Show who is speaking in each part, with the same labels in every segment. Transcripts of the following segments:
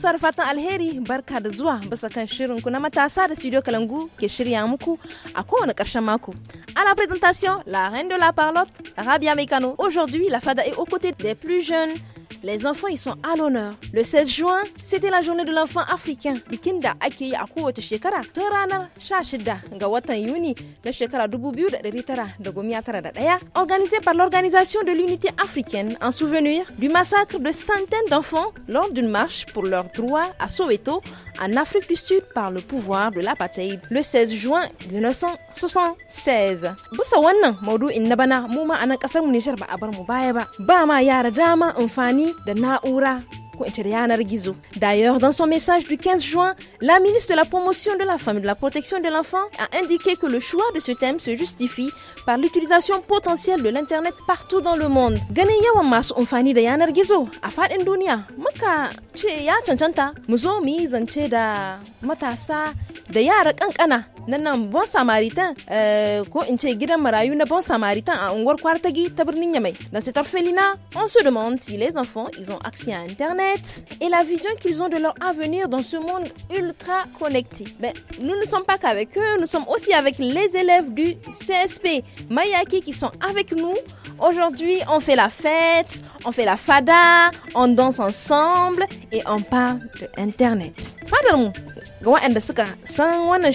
Speaker 1: gaisuwa da fatan alheri barka da zuwa bisa kan shirin na matasa da studio Kalangu ke shirya muku a kowane ƙarshen mako. A la présentation, la reine de la parlotte, Rabia Mekano. Aujourd'hui, la fada est aux côtés des plus jeunes les enfants ils sont à l'honneur. Le 16 juin, c'était la journée de l'enfant africain. Bikinda accueilli ake yi shekara tun ranar 16 ga watan Yuni na shekara organisé par l'Organisation de l'Unité africaine en souvenir du massacre de centaines d'enfants lors d'une marche pour leurs droits à Soweto, en Afrique du Sud par le pouvoir de l'apartheid le 16 juin 1976. Busa wannan maudu'in na bana mu ma yara D'ailleurs, dans son message du 15 juin, la ministre de la Promotion de la Femme et de la Protection de l'Enfant a indiqué que le choix de ce thème se justifie par l'utilisation potentielle de l'Internet partout dans le monde nan nan bon euh, ko marayu na bon Samaritain dans cet on se demande si les enfants ils ont accès à internet et la vision qu'ils ont de leur avenir dans ce monde ultra connecté mais ben, nous ne sommes pas qu'avec eux nous sommes aussi avec les élèves du CSP Mayaki qui sont avec nous aujourd'hui on fait la fête on fait la fada on danse ensemble et on parle de internet suka san wannan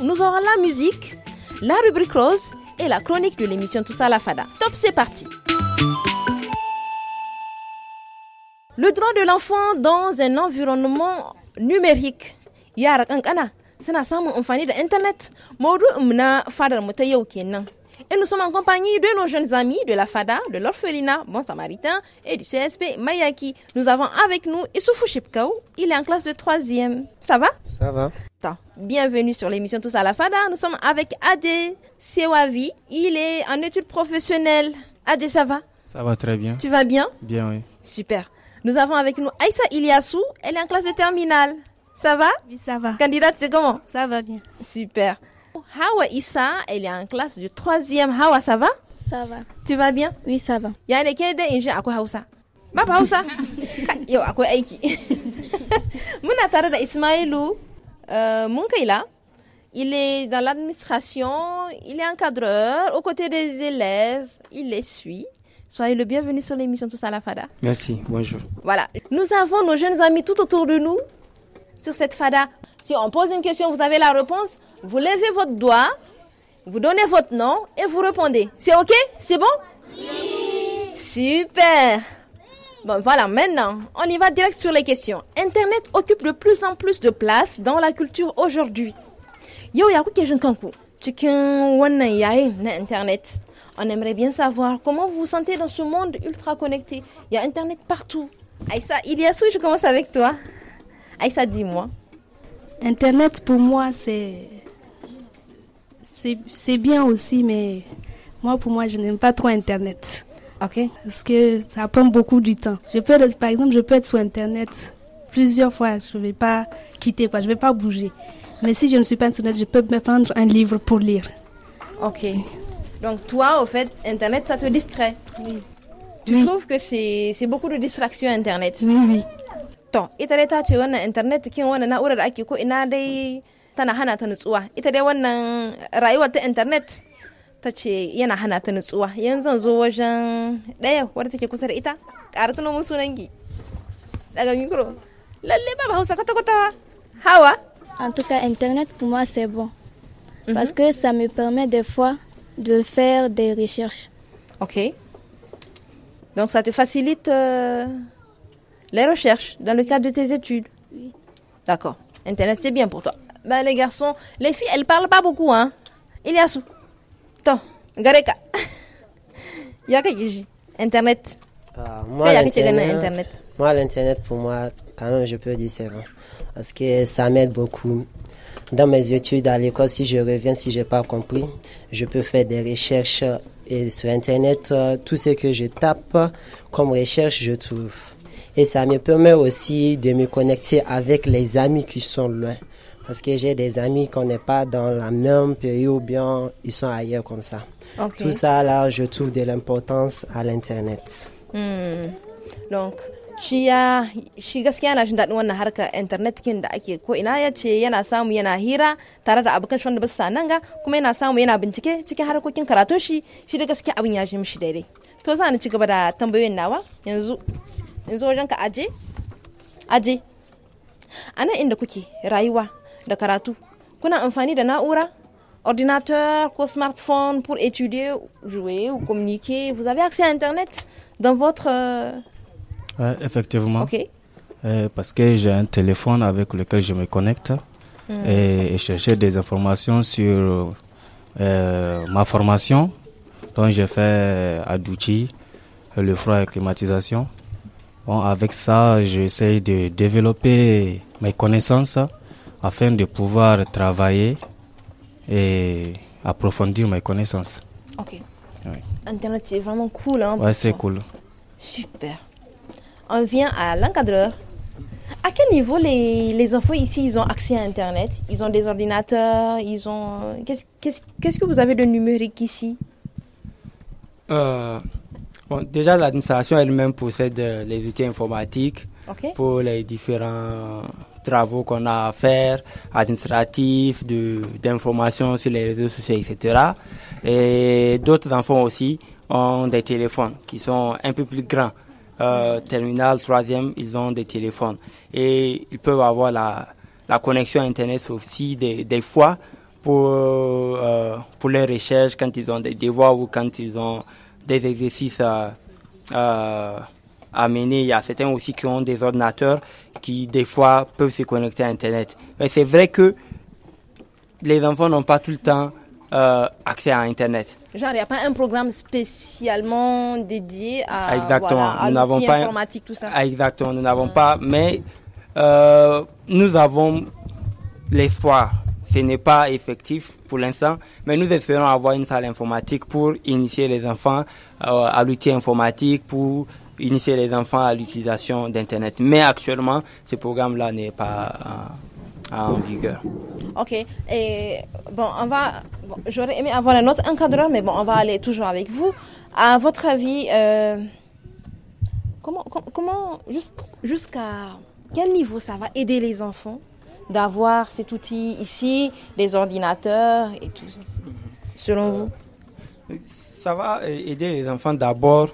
Speaker 1: nous aurons la musique, la rubrique rose et la chronique de l'émission Tout ça la Fada. Top, c'est parti! Le droit de l'enfant dans un environnement numérique. Yara kankana, suna amfani da internet. Fada kenan. Et nous sommes en compagnie de nos jeunes amis de la FADA, de l'orphelinat Bon Samaritain et du CSP Mayaki. Nous avons avec nous Issoufou Shipkaou. Il est en classe de 3e. Ça va Ça va. Bienvenue sur l'émission Tous à la Fada. Nous sommes avec Ade Sewavi. Il est en études professionnelles. Ade, ça va
Speaker 2: Ça va très bien. Tu vas bien Bien, oui.
Speaker 1: Super. Nous avons avec nous Aïssa Iliassou. Elle est en classe de terminale. Ça va Oui, ça va. Candidate, c'est comment Ça va bien. Super. Hawa Issa, elle est en classe de troisième. Hawa, ça va Ça va. Tu vas bien Oui, ça va. Il y a des à quoi Hausa Ma Hausa Yo, à quoi Aiki da Ismailu euh, mon il est dans l'administration, il est encadreur, aux côtés des élèves, il les suit. Soyez le bienvenu sur l'émission Tous à la Fada.
Speaker 3: Merci, bonjour.
Speaker 1: Voilà, nous avons nos jeunes amis tout autour de nous sur cette Fada. Si on pose une question, vous avez la réponse, vous levez votre doigt, vous donnez votre nom et vous répondez. C'est OK C'est bon oui. Super Bon, voilà, maintenant, on y va direct sur les questions. Internet occupe de plus en plus de place dans la culture aujourd'hui. Yo, Chicken na Internet. On aimerait bien savoir comment vous vous sentez dans ce monde ultra connecté. Il y a Internet partout. Aïssa, Iliassou, je commence avec toi. Aïssa, dis-moi. Internet,
Speaker 4: pour moi, c'est. C'est bien aussi, mais moi, pour moi, je n'aime pas trop Internet. OK. Parce que ça prend beaucoup du temps. Je par exemple, je peux être sur Internet plusieurs fois. Je ne vais pas quitter, quoi. Je ne vais pas bouger. Mais si je ne suis pas Internet, je peux me prendre un livre pour lire. OK.
Speaker 1: Donc, toi, au fait, Internet, ça te distrait. Oui. Tu trouves que c'est beaucoup de distractions, Internet Oui, oui. Donc, Internet, qui Internet, en
Speaker 4: tout cas internet pour moi c'est bon mhm. parce que ça me permet des fois de faire des recherches ok donc ça te facilite euh,
Speaker 1: les recherches dans le cadre de tes études d'accord internet c'est bien pour toi ben, les garçons les filles elles parlent pas beaucoup hein il y a sous
Speaker 5: Ah, internet moi l'internet pour moi quand même je peux dire c'est bon parce que ça m'aide beaucoup dans mes études à l'école, si je reviens, si j'ai pas compris, je peux faire des recherches et sur Internet, euh, tout ce que je tape comme recherche, je trouve. Et ça me permet aussi de me connecter avec les amis qui sont loin. Parce que j'ai des amis qu'on n'est pas dans le même pays ou bien ils sont ailleurs comme ça. Tout ça, là, je trouve de l'importance à l'Internet.
Speaker 1: Hmm. Donc, gaskiya wannan harka internet kin da ake ko ina yana samu yana hira tare da abokan shi wanda ba nan ga kuma yana samu yana cikin shi shi da abin ya mishi daidai to da karatu kuna amfani na'ura ordinateur smartphone pour étudier, jouer ou communiquer. Vous avez accès à Internet dans votre... Euh,
Speaker 2: effectivement. Euh, parce que j'ai un téléphone avec lequel je me connecte hmm. et, chercher des informations sur euh, ma formation. dont j'ai fait Adouchi, le froid et climatisation. Bon, avec ça, j'essaie de développer mes connaissances afin de pouvoir travailler et approfondir mes connaissances.
Speaker 6: Ok.
Speaker 1: Internet, c'est vraiment cool. Hein, ouais, c'est cool. Super. On vient à l'encadreur. À quel niveau les, enfants ici, ils ont accès à Internet Ils ont des ordinateurs Ils ont... Qu'est-ce, quest que vous avez de numérique ici
Speaker 3: euh, Déjà, l'administration elle-même possède euh, les outils informatiques pour les différents travaux qu'on a à faire, administratifs, d'informations sur les réseaux sociaux, etc. Et d'autres enfants aussi ont des téléphones qui sont un peu plus grands. Euh, terminal, troisième, ils ont des téléphones. Et ils peuvent avoir la, la connexion Internet aussi des, des fois pour, euh, pour les recherches, quand ils ont des devoirs ou quand ils ont des exercices. Euh, amener. Il y a certains aussi qui ont des ordinateurs qui, des fois, peuvent se connecter à Internet. Mais c'est vrai que les enfants n'ont pas tout le temps euh, accès à Internet.
Speaker 1: Genre, il n'y a pas un programme spécialement dédié à, exactement. à pas informatique, tout ça. Ah,
Speaker 3: exactement, nous n'avons pas, mais euh, nous avons l'espoir. Ce n'est pas effectif pour l'instant, mais nous espérons avoir une salle informatique pour initier les enfants euh, à l'outil informatique, pour initier les enfants à l'utilisation d'Internet. Mais actuellement, ce programme-là n'est pas euh, en vigueur.
Speaker 1: Ok. Et bon, on va. J'aurais aimé avoir un autre encadreur, mais bon, on va aller toujours avec vous. À votre avis, euh, comment, comment jusqu'à quel niveau ça va aider les enfants d'avoir cet outil ici, les ordinateurs et tout, selon
Speaker 3: vous Ça va aider les enfants d'abord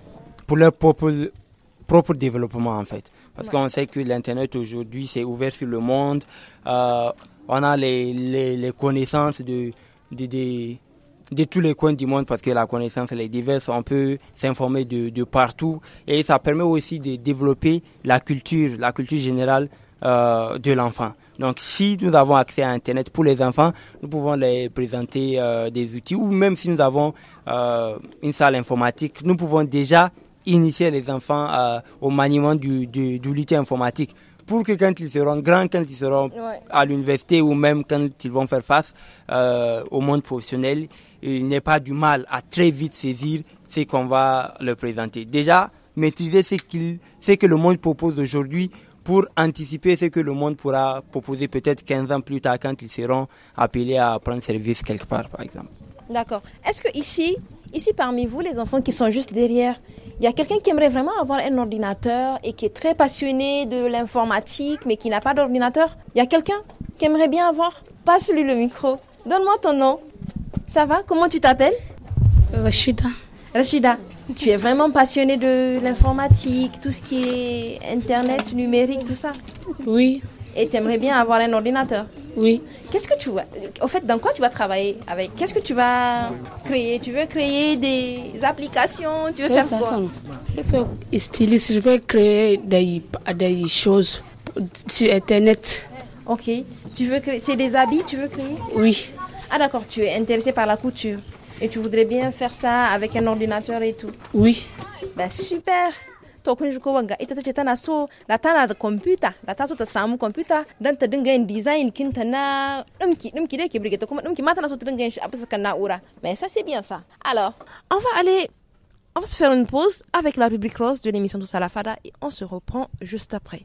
Speaker 3: pour leur propre, développement en fait. Parce qu'on sait que l'Internet aujourd'hui c'est ouvert sur le monde. Euh, on a les, connaissances de, de, tous les coins du monde parce que la connaissance elle est diverse. On peut s'informer de, partout et ça permet aussi de développer la culture, la culture générale euh, de l'enfant. Donc si nous avons accès à Internet pour les enfants, nous pouvons les présenter euh, des outils ou même si nous avons une salle informatique, nous pouvons déjà initier les enfants euh, au maniement du, du, informatique pour que quand ils seront grands, quand ils seront à l'université ou même quand ils vont faire face euh, au monde professionnel, il n'est pas du mal à très vite saisir ce qu'on va leur présenter. Déjà, maîtriser ce, ce que le monde propose aujourd'hui pour anticiper ce que le monde pourra proposer peut-être 15 ans plus tard quand ils seront appelés à prendre service quelque part, par exemple.
Speaker 1: D'accord. Est-ce que ici, Ici, parmi vous, les enfants qui sont juste derrière, il y a quelqu'un qui aimerait vraiment avoir un ordinateur et qui est très passionné de l'informatique, mais qui n'a pas d'ordinateur. Il y a quelqu'un qui aimerait bien avoir. Passe-lui le micro. Donne-moi ton nom. Ça va Comment tu t'appelles Rachida. Rachida, tu es vraiment passionnée de l'informatique, tout ce qui est Internet, numérique, tout ça Oui. Et tu aimerais bien avoir un ordinateur oui. Qu'est-ce que tu vas. En fait, dans quoi tu vas travailler avec Qu'est-ce que tu vas créer Tu veux créer des applications Tu veux faire quoi Je veux
Speaker 7: styliste, je veux créer des, des choses sur Internet.
Speaker 1: Ok. Tu veux créer. C'est des habits, tu veux créer Oui. Ah, d'accord, tu es intéressé par la couture. Et tu voudrais bien faire ça avec un ordinateur et tout Oui. Ben, super to kun ko wanga ita tace tana so da tana da computer da ta so ta samu computer dan ta dinga yin design kinta na dumki dumki da ke burge ta kuma dumki ma tana so ta dinga yin shi a bisa kan na'ura mais ça c'est bien ça alors on va aller on va se faire une pause avec la rubrique rose de l'émission Tous à et on se reprend juste après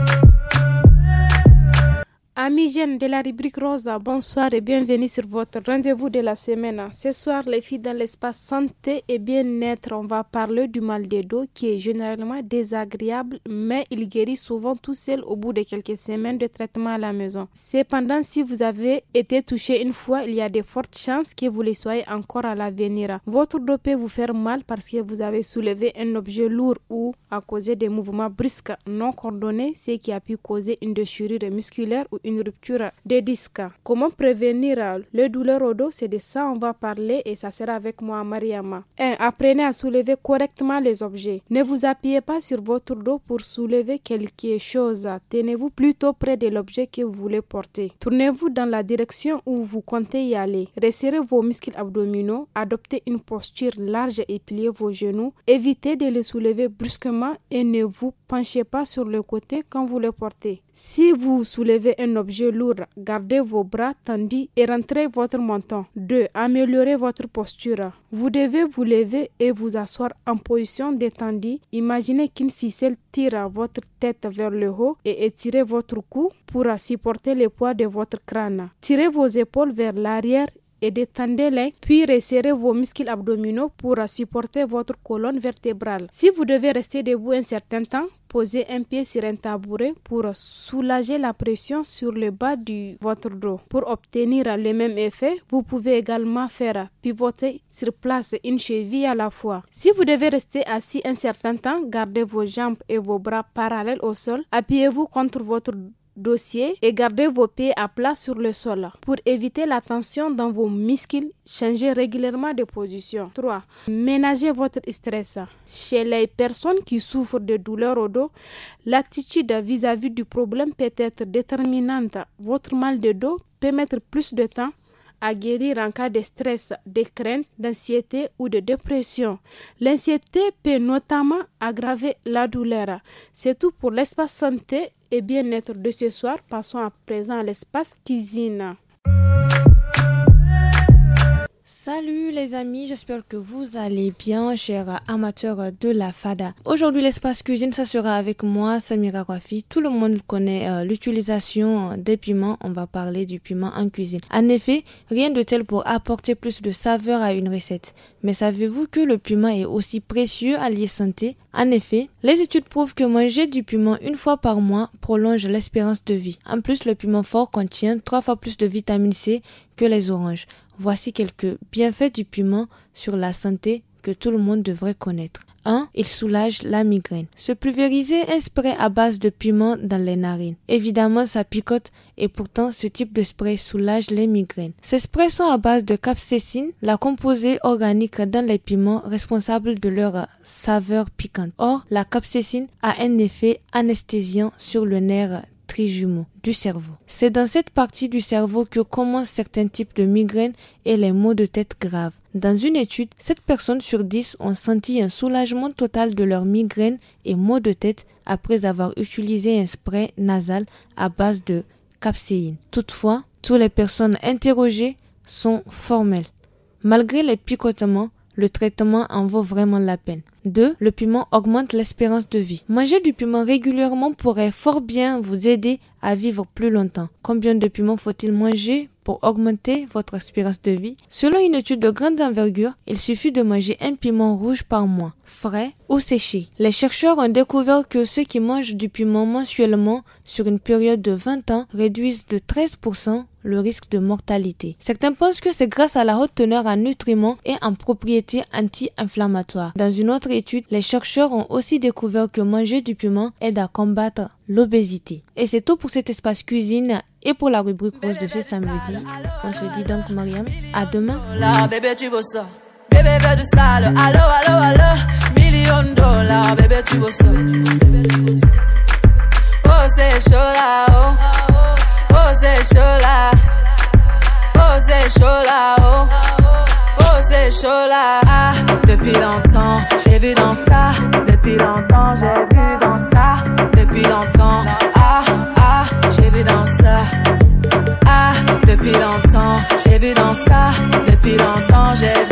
Speaker 7: Amis jeunes de la rubrique Rosa, bonsoir et bienvenue sur votre rendez-vous de la semaine. Ce soir, les filles dans l'espace santé et bien-être, on va parler du mal des dos qui est généralement désagréable, mais il guérit souvent tout seul au bout de quelques semaines de traitement à la maison. Cependant, si vous avez été touché une fois, il y a de fortes chances que vous les soyez encore à l'avenir. Votre dos peut vous faire mal parce que vous avez soulevé un objet lourd ou à cause des mouvements brusques non coordonnés, ce qui a pu causer une déchirure musculaire ou une rupture des disques. Comment prévenir les douleurs au dos C'est de ça on va parler et ça sera avec moi Mariama. 1. Apprenez à soulever correctement les objets. Ne vous appuyez pas sur votre dos pour soulever quelque chose. Tenez-vous plutôt près de l'objet que vous voulez porter. Tournez-vous dans la direction où vous comptez y aller. Resserrez vos muscles abdominaux. Adoptez une posture large et pliez vos genoux. Évitez de les soulever brusquement et ne vous penchez pas sur le côté quand vous le portez. Si vous soulevez un objet lourd, gardez vos bras tendus et rentrez votre menton. 2. Améliorez votre posture. Vous devez vous lever et vous asseoir en position détendue. Imaginez qu'une ficelle tire votre tête vers le haut et étirez votre cou pour supporter le poids de votre crâne. Tirez vos épaules vers l'arrière et détendez-les, puis resserrez vos muscles abdominaux pour supporter votre colonne vertébrale. Si vous devez rester debout un certain temps, posez un pied sur un tabouret pour soulager la pression sur le bas de votre dos. Pour obtenir le même effet, vous pouvez également faire pivoter sur place une cheville à la fois. Si vous devez rester assis un certain temps, gardez vos jambes et vos bras parallèles au sol. Appuyez-vous contre votre dossier et gardez vos pieds à plat sur le sol. Pour éviter la tension dans vos muscles, changez régulièrement de position. 3. Ménagez votre stress. Chez les personnes qui souffrent de douleurs au dos, l'attitude vis-à-vis du problème peut être déterminante. Votre mal de dos peut mettre plus de temps à guérir en cas de stress, de crainte, d'anxiété ou de dépression. L'anxiété peut notamment aggraver la douleur. C'est tout pour l'espace santé et bien-être de ce soir. Passons à présent à l'espace cuisine.
Speaker 8: Salut les amis, j'espère que vous allez bien, chers amateurs de la fada. Aujourd'hui, l'espace cuisine, ça sera avec moi, Samira Rafi. Tout le monde connaît euh, l'utilisation des piments. On va parler du piment en cuisine. En effet, rien de tel pour apporter plus de saveur à une recette. Mais savez-vous que le piment est aussi précieux à lier santé En effet, les études prouvent que manger du piment une fois par mois prolonge l'espérance de vie. En plus, le piment fort contient trois fois plus de vitamine C que les oranges. Voici quelques bienfaits du piment sur la santé que tout le monde devrait connaître. 1. Il soulage la migraine. Se pulvériser un spray à base de piment dans les narines. Évidemment, ça picote et pourtant ce type de spray soulage les migraines. Ces sprays sont à base de capsaïcine, la composée organique dans les piments responsable de leur saveur piquante. Or, la capsaïcine a un effet anesthésiant sur le nerf trijumeaux du cerveau. C'est dans cette partie du cerveau que commencent certains types de migraines et les maux de tête graves. Dans une étude, 7 personnes sur 10 ont senti un soulagement total de leurs migraines et maux de tête après avoir utilisé un spray nasal à base de capséine. Toutefois, toutes les personnes interrogées sont formelles. Malgré les picotements, le traitement en vaut vraiment la peine. 2. Le piment augmente l'espérance de vie. Manger du piment régulièrement pourrait fort bien vous aider à vivre plus longtemps. Combien de piments faut-il manger pour augmenter votre espérance de vie Selon une étude de grande envergure, il suffit de manger un piment rouge par mois, frais ou séché. Les chercheurs ont découvert que ceux qui mangent du piment mensuellement sur une période de 20 ans réduisent de 13% le risque de mortalité. Certains pensent que c'est grâce à la haute teneur en nutriments et en propriétés anti-inflammatoires. Dans une autre étude, les chercheurs ont aussi découvert que manger du piment aide à combattre l'obésité. Et c'est tout pour cet espace cuisine et pour la rubrique rose de ce samedi. On se dit donc, Mariam, à demain. Oh, c'est chaud là. Oh, c'est chaud Oh, oh c'est chaud Ah, depuis longtemps, j'ai vu dans ça. Depuis longtemps, j'ai vu dans ça. Depuis longtemps. Ah, ah, j'ai vu dans ça. Ah, depuis longtemps, j'ai vu dans ça. Depuis longtemps, j'ai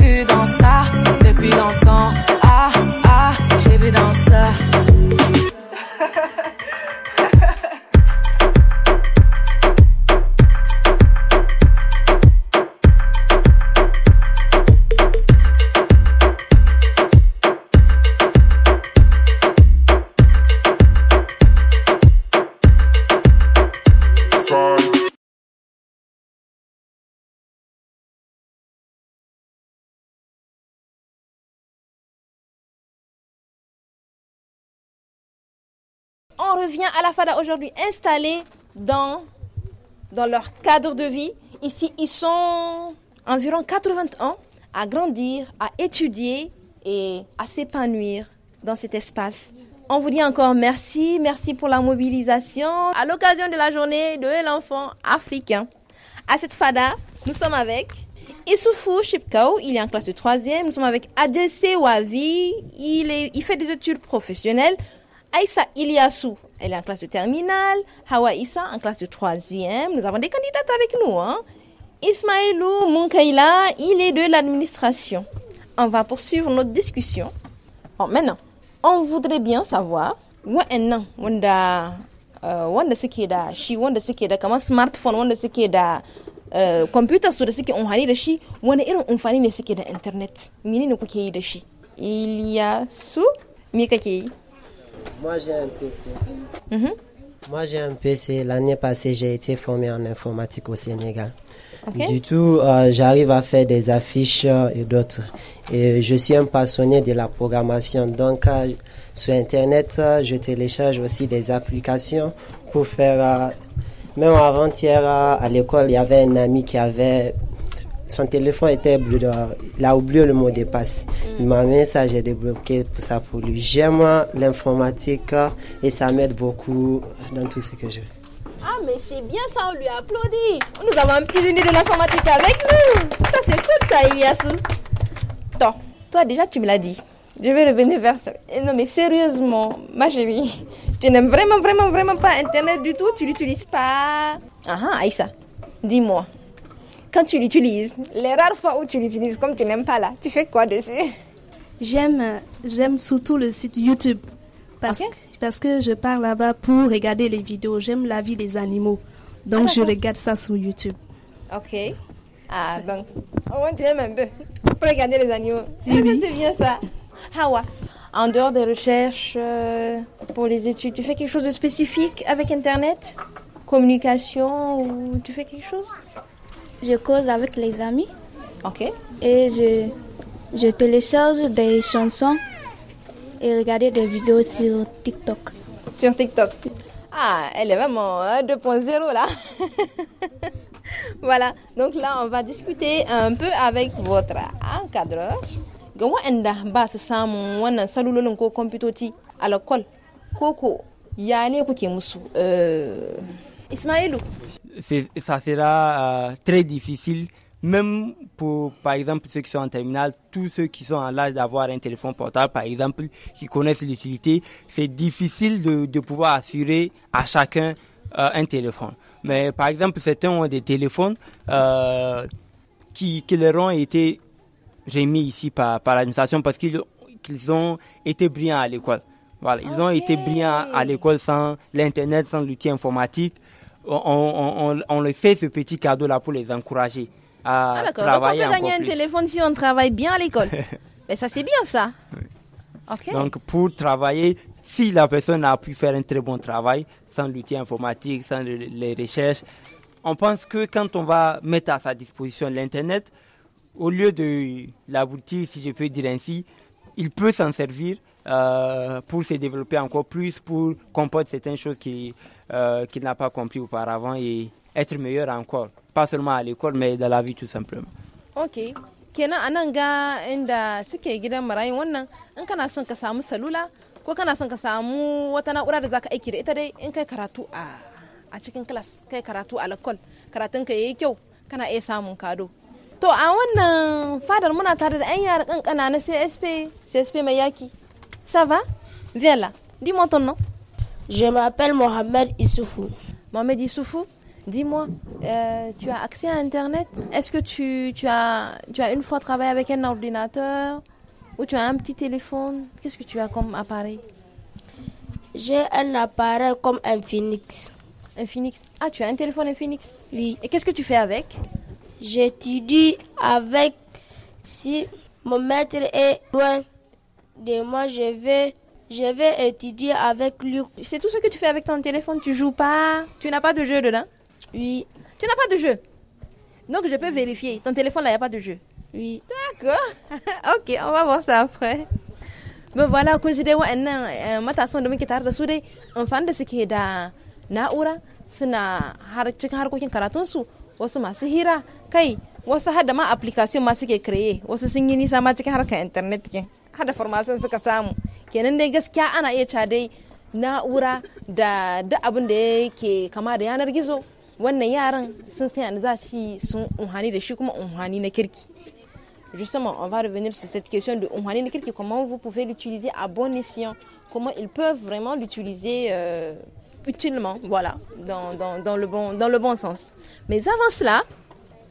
Speaker 1: à la FADA aujourd'hui installés dans, dans leur cadre de vie. Ici, ils sont environ 80 ans à grandir, à étudier et à s'épanouir dans cet espace. On vous dit encore merci, merci pour la mobilisation à l'occasion de la journée de l'enfant africain. À cette FADA, nous sommes avec Issoufou Chipkao, il est en classe de 3e. Nous sommes avec Adessé Wavi, il, est, il fait des études professionnelles. Aïssa Iliassou, elle est en classe de terminale. Hawa Issa, en classe de troisième. Nous avons des candidates avec nous. Hein? Ismaëlou Munkaila, il est de l'administration. On va poursuivre notre discussion. maintenant, on voudrait bien savoir, wa'annan wanda euh, wanda suke da shi wanda suke da kamar smartphone wanda suke da euh, computer su da suke amfani da shi wani irin amfani ne suke da internet menene kuke yi da shi iliyasu me kake yi
Speaker 5: moi, j'ai un PC. Mhm. Moi, j'ai un PC. L'année passée, j'ai été formé en informatique au Sénégal. Du tout, euh, j'arrive à faire des affiches euh, et d'autres. Et je suis un passionné de la programmation. Donc, euh, sur Internet, je télécharge aussi des applications pour faire... même avant-hier, à l'école, il y avait un ami qui avait son téléphone était bleu dehors. Il a oublié le mot de passe. Il m'a mis ça, j'ai débloqué pour ça pour lui. J'aime l'informatique euh, et ça m'aide beaucoup euh, dans tout ce que je fais.
Speaker 1: Ah, mais c'est bien ça, on lui applaudit. Nous avons un petit génie de l'informatique avec nous. Ça, c'est cool, ça, Yasu. Toi, toi, déjà, tu me l'as dit. Je vais revenir vers ça. Eh, non, mais sérieusement, ma chérie, tu n'aimes vraiment, vraiment, vraiment pas Internet du tout. Tu l'utilises pas. Ah, ah, Aïssa, dis-moi, quand tu l'utilises, les rares fois
Speaker 4: où tu l'utilises comme tu n'aimes pas là, tu fais quoi dessus J'aime, j'aime surtout le site YouTube parce, que, parce que je pars là-bas pour regarder les vidéos. J'aime la vie des animaux, donc ah, je regarde ça sur YouTube.
Speaker 1: Ok. Ah donc au moins tu aimes un peu pour regarder les animaux. Eh oui. C'est bien ça. Hawa, en dehors des recherches euh, pour les études, tu fais quelque chose de spécifique avec Internet,
Speaker 4: communication ou tu fais quelque chose je cause avec les amis. Ok. Et je, je télécharge des chansons et regarder des vidéos sur TikTok. Sur TikTok
Speaker 1: Ah, elle est vraiment 2.0 euh, là. voilà, donc là on va discuter un peu avec votre encadreur. ba su koko ya musu
Speaker 3: ça sera euh, très difficile, même pour, par exemple, ceux qui sont en terminale, tous ceux qui sont en l'âge d'avoir un téléphone portable, par exemple, qui connaissent l'utilité, c'est difficile de, pouvoir assurer à chacun euh, un téléphone. Mais par exemple, certains ont des téléphones euh, qui, leur ont été j'ai mis ici par, par l'administration parce qu'ils ont été brillants à l'école. Voilà, ils ont été brillants à l'école sans l'Internet, sans l'outil informatique on, on, fait ce petit cadeau là pour les encourager à ah, travailler Donc on peut gagner un téléphone
Speaker 1: si on travaille bien à l'école. Mais ça c'est bien ça. Donc
Speaker 3: pour travailler, si la personne a pu faire un très bon travail sans l'outil informatique, sans les recherches, on pense que quand on va mettre à sa disposition l'Internet, au lieu de l'aboutir, si je peux dire ainsi, il peut s'en servir euh, pour se développer encore plus, pour comprendre certaines choses qui euh, qu'il n'a pas compris auparavant et être meilleur encore, pas seulement à l'école, mais dans la vie tout simplement.
Speaker 7: Ok.
Speaker 1: kenan anan ga inda suke gidan marayun wannan in kana son ka samu salula ko kana son ka samu wata na'ura da zaka aiki da ita dai in kai karatu a a cikin class kai karatu a lakol karatun ka yayi kyau kana iya samun kado to a wannan fadar muna tare da yan yara kankana na CSP CSP mai yaki sava va viens Je m'appelle Mohamed Issoufou. Mohamed Issoufou, dis-moi, euh, tu as accès à Internet Est-ce que tu, as, tu as une fois travaillé avec un ordinateur ou tu as un petit téléphone Qu'est-ce que tu as comme appareil J'ai un appareil comme un Phoenix. Un Phoenix Ah, tu as un téléphone phoenix Oui. Et qu'est-ce que tu fais avec J'étudie avec si mon maître est loin de moi, je vais je vais étudier avec lui. C'est tout ce que tu fais avec ton téléphone. Tu joues pas. Tu n'as pas de jeu dedans Oui. Tu n'as pas de jeu Donc je peux vérifier. Ton téléphone là, il n'y a pas de jeu Oui. D'accord. ok, on va voir ça après. Mais voilà, kun ji dai wa'annan matasan da muke tare da su dai amfani da suke da na'ura suna har cikin harkokin karatunsu wasu masu hira kai wasu har da ma application ma suke kreye wasu sun yi nisa ma cikin harkar internet kin hada farmasin suka samu kenan dai gaskiya ana iya ca dai na'ura da duk abin da yake kama da yanar gizo wannan yaran sun san yana za su sun unhani da shi kuma unhani na kirki justement on va revenir sur cette question de unhani na kirki comment vous pouvez l'utiliser à bon escient comment ils peuvent vraiment l'utiliser euh, utilement voilà dans, dans, dans, le bon dans le bon sens mais avant cela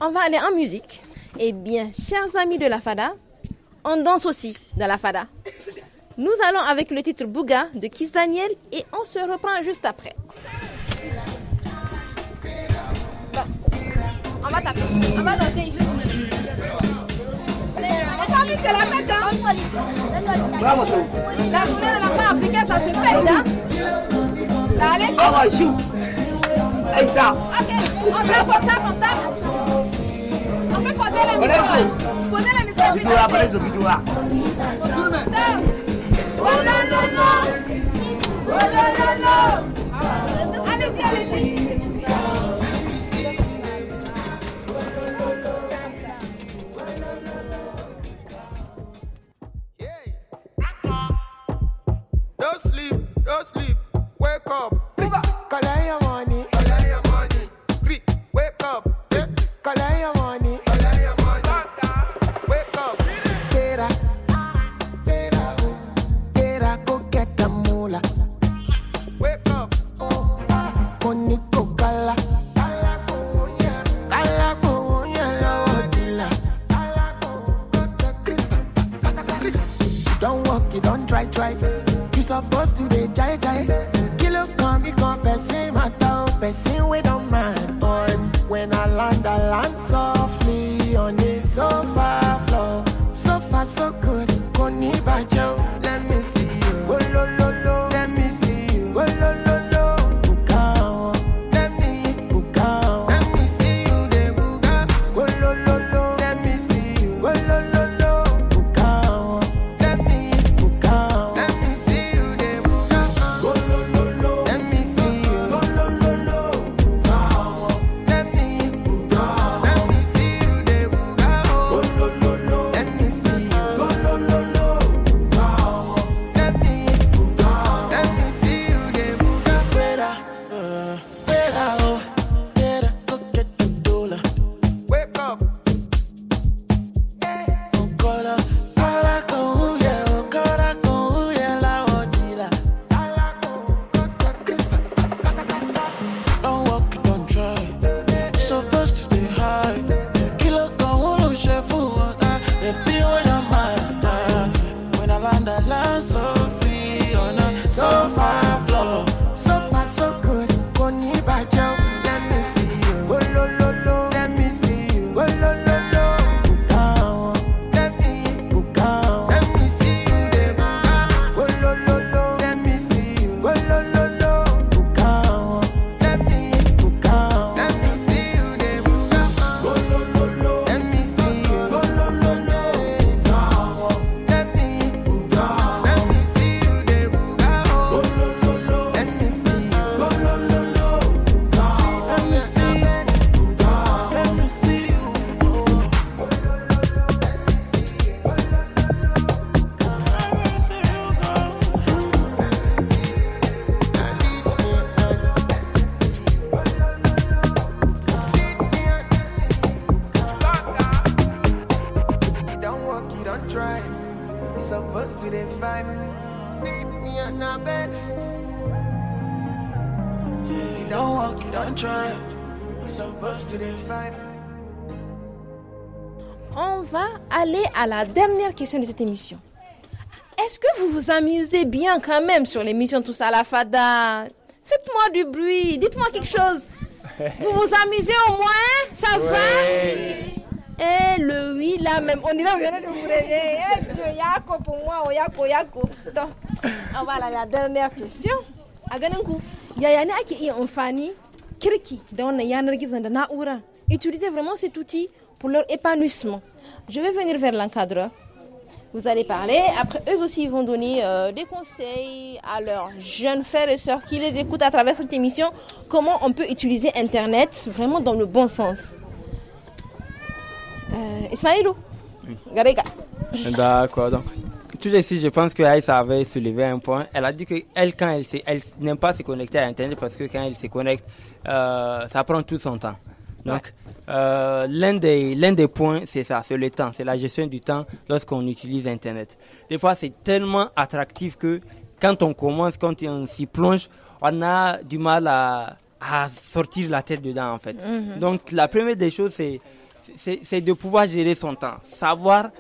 Speaker 1: on va aller en musique eh bien chers amis de la fada on danse aussi dans la fada. Nous allons avec le titre Bouga de Kiss Daniel et on se reprend juste après. On va taper, on va danser ici. c'est la fête, hein?
Speaker 4: La
Speaker 1: journée de l'enfant africain, ça se fête, hein? Allez, ah, bah, ça. Ok, on tape, on tape, on tape.
Speaker 6: On peut poser les micros. Posez les micros. Vidéo, après les
Speaker 1: vidéos. Oh
Speaker 6: non, non, non. Oh non, non, non. Allez-y, allez-y.
Speaker 1: question de cette émission. Est-ce que vous vous amusez bien quand même sur l'émission Tous à la Fada Faites-moi du bruit, dites-moi quelque chose. Vous vous amusez au moins Ça va eh, le oui, là même. On est là, on vient de vous réveiller. Eh, Dieu, Yako pour moi, oh Yako. Donc, ah, voilà la dernière question. A ganin a qui en ake iya amfani kirki da wannan yanar vraiment cet outil pour leur épanouissement. Je vais venir vers l'encadreur vous allez parler. Après, eux aussi vont donner euh, des conseils à leurs jeunes frères et sœurs qui les écoutent à travers cette émission, comment on peut utiliser Internet vraiment dans le bon sens. Euh, Ismaëlou,
Speaker 3: D'accord, eh ben, donc. Tout ici, je pense que Aïssa avait soulevé un point. Elle a dit que elle, quand elle, elle n'aime pas se connecter à Internet parce que quand elle se connecte, euh, ça prend tout son temps. Donc, euh, l'un des, des points, c'est ça, c'est le temps, c'est la gestion du temps lorsqu'on utilise Internet. Des fois, c'est tellement attractif que quand on commence, quand on s'y plonge, on a du mal à, sortir la tête dedans, en fait. Mhm. Donc, la première des choses, c'est de pouvoir gérer son temps, savoir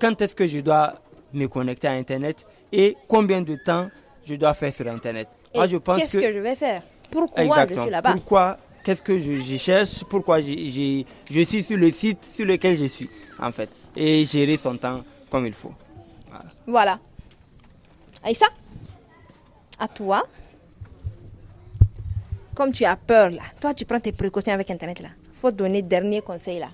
Speaker 3: quand est-ce que je dois me connecter à Internet et combien de temps je dois faire sur Internet. Moi, qu'est-ce que...
Speaker 1: je vais faire Pourquoi je suis là-bas Pourquoi
Speaker 3: qu'est-ce que je, cherche, pourquoi je, suis sur le site sur lequel je suis, en fait, et gérer son temps comme il faut.
Speaker 1: Voilà. Aïssa, à toi. Comme tu as peur là, toi tu prends tes précautions avec Internet là. Faut donner dernier conseil là.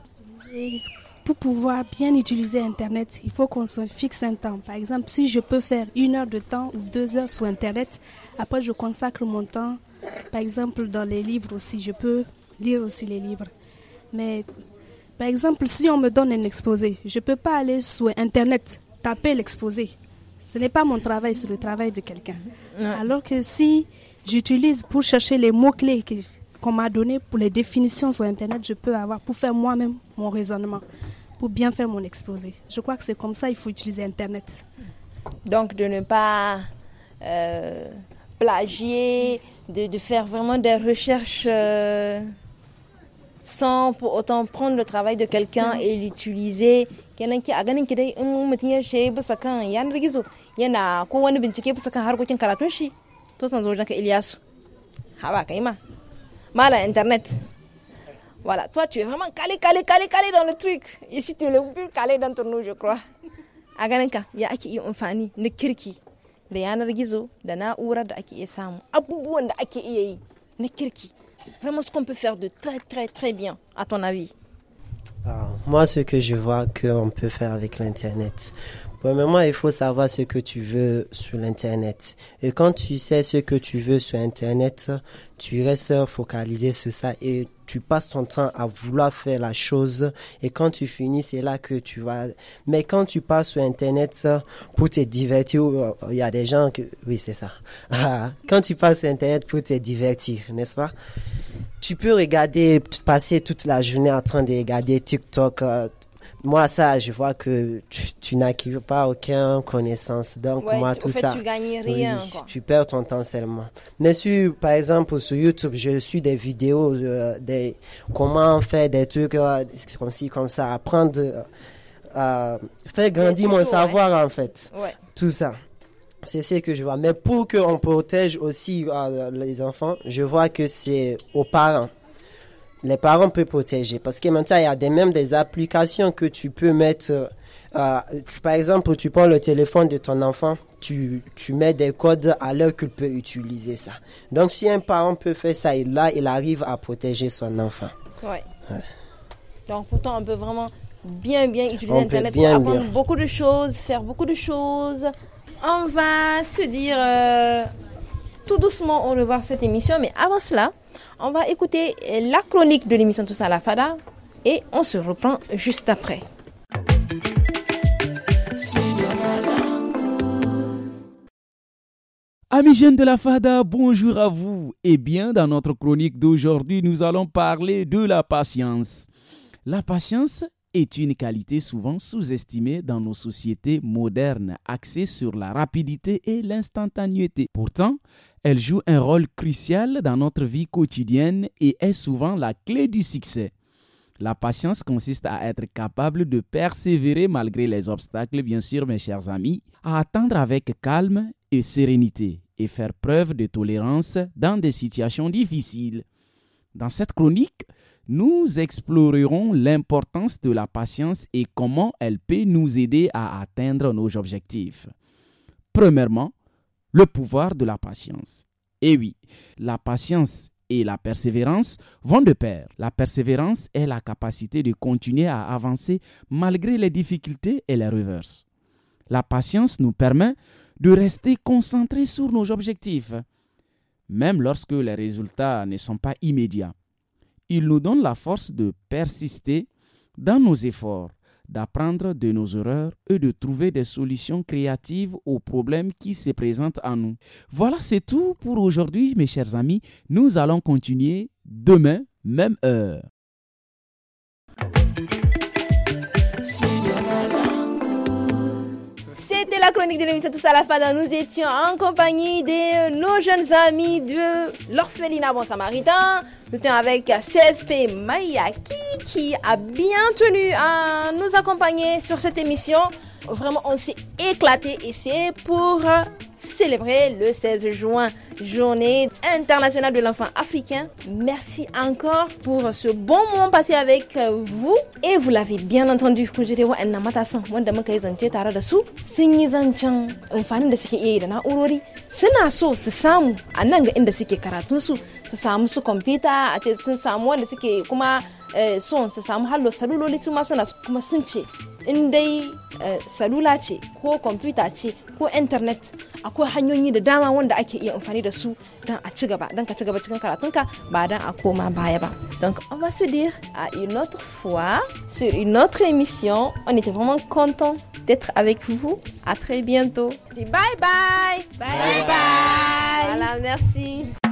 Speaker 4: pour pouvoir bien utiliser Internet, il faut qu'on se fixe un temps. Par exemple, si je peux faire une heure de temps ou deux heures sur Internet, après je consacre mon temps par exemple, dans les livres aussi, je peux lire aussi les livres. Mais par exemple, si on me donne un exposé, je ne peux pas aller sur Internet taper l'exposé. Ce n'est pas mon travail, c'est le travail de quelqu'un. Alors que si j'utilise pour chercher les mots-clés qu'on m'a donné pour les définitions sur Internet, je peux avoir pour faire moi-même mon raisonnement, pour bien faire mon exposé. Je crois que c'est comme ça il faut utiliser Internet. Donc de ne pas euh, plagier, de, de faire vraiment des recherches
Speaker 1: euh, sans pour autant prendre le travail de quelqu'un et l'utiliser kenan ki a ganin ki dai in mutum ya shaye bisa kan yanar gizo yana ko wani bincike bisa kan harkokin karatun shi to san zo ka Iliyasu haba ah kai ma mala internet voilà toi tu es vraiment calé calé calé calé dans le truc ici tu es le plus calé dans ton nom je crois a ganin ya ake iya amfani na kirki da gizo da da ake iya samu abubuwan vraiment ce qu'on peut faire de très très très bien à ton avis
Speaker 5: ah, moi ce que je vois qu'on peut faire avec l'internet Premièrement, il faut savoir ce que tu veux sur l'Internet. Et quand tu sais ce que tu veux sur Internet, tu restes focalisé sur ça et tu passes ton temps à vouloir faire la chose. Et quand tu finis, c'est là que tu vas. Mais quand tu passes sur Internet pour te divertir, euh, il y a des gens que... Oui, c'est ça. Ah, quand tu passes sur Internet pour te divertir, n'est-ce pas tu peux regarder, passer toute la journée en train de regarder TikTok, euh, moi, ça, je vois que tu, n'as pas aucune connaissance. Donc, moi, tout ça. Tu gagnes rien. Tu perds ton temps seulement. Mais sur, par exemple, sur YouTube, je suis des vidéos euh, des comment faire des trucs euh, comme ci, comme ça, apprendre, euh, faire grandir mon savoir, en fait. Tout ça. C'est ce que je vois. Mais pour qu'on protège aussi les enfants, je vois que c'est aux parents les parents peuvent protéger. Parce que maintenant, il y a des, même des applications que tu peux mettre. Euh, euh, par exemple, tu prends le téléphone de ton enfant, tu, tu mets des codes à l'heure qu'il peut utiliser ça. Donc, si un parent peut faire ça, et là, il arrive à protéger son enfant.
Speaker 1: Ouais. Donc, pourtant, on peut vraiment bien, bien utiliser Internet pour apprendre beaucoup de choses, faire beaucoup de choses. On va se dire... Euh, tout doucement, on revoir cette émission. Mais avant cela, on va écouter la chronique de l'émission Tous à la Fada et on se reprend juste après.
Speaker 2: Amis jeunes de la FADA, bonjour à vous. Et eh bien, dans notre chronique d'aujourd'hui, nous allons parler de la patience. La patience est une qualité souvent sous-estimée dans nos sociétés modernes, axées sur la rapidité et l'instantanéité. Pourtant, elle joue un rôle crucial dans notre vie quotidienne et est souvent la clé du succès. La patience consiste à être capable de persévérer malgré les obstacles, bien sûr, mes chers amis, à attendre avec calme et sérénité et faire preuve de tolérance dans des situations difficiles. Dans cette chronique, nous explorerons l'importance de la patience et comment elle peut nous aider à atteindre nos objectifs. Premièrement, le pouvoir de la patience. Eh oui, la patience et la persévérance vont de pair. La persévérance est la capacité de continuer à avancer malgré les difficultés et les revers. La patience nous permet de rester concentrés sur nos objectifs, même lorsque les résultats ne sont pas immédiats il nous donne la force de persister dans nos efforts, d'apprendre de nos erreurs et de trouver des solutions créatives aux problèmes qui se présentent à nous. Voilà, c'est tout pour aujourd'hui, mes chers amis. Nous allons continuer demain, même heure.
Speaker 1: chronique de l'émission Tous à la fin nous étions en compagnie de nos jeunes amis de l'orphelinat Bon Samaritain. Nous étions avec CSP Mayaki qui a bien tenu à nous accompagner sur cette émission. Vraiment, on s'est éclaté et c'est pour célébrer le 16 juin, journée internationale de l'enfant africain. Merci encore pour ce bon moment passé avec vous. Et vous l'avez bien entendu, Kujirewa en Namatasan, Wanda zancen amfanin da suke iya yi da na'urori suna so su samu a nan ga inda suke karatunsu su samu su kwamfuta a ce sun samu wanda suke kuma eh, son su samu hallo saluloli su ma suna kuma sun ce in dai eh, salula ce ko kwamfuta ce ko internet akwai hanyoyi da dama wanda ake iya amfani da su don a ci gaba don ka ci gaba cikin karatunka ba don a koma baya ba donc on va se dire a une autre fois sur une autre émission on était vraiment content d'être avec vous à très bientôt bye bye bye bye, bye. bye. voilà merci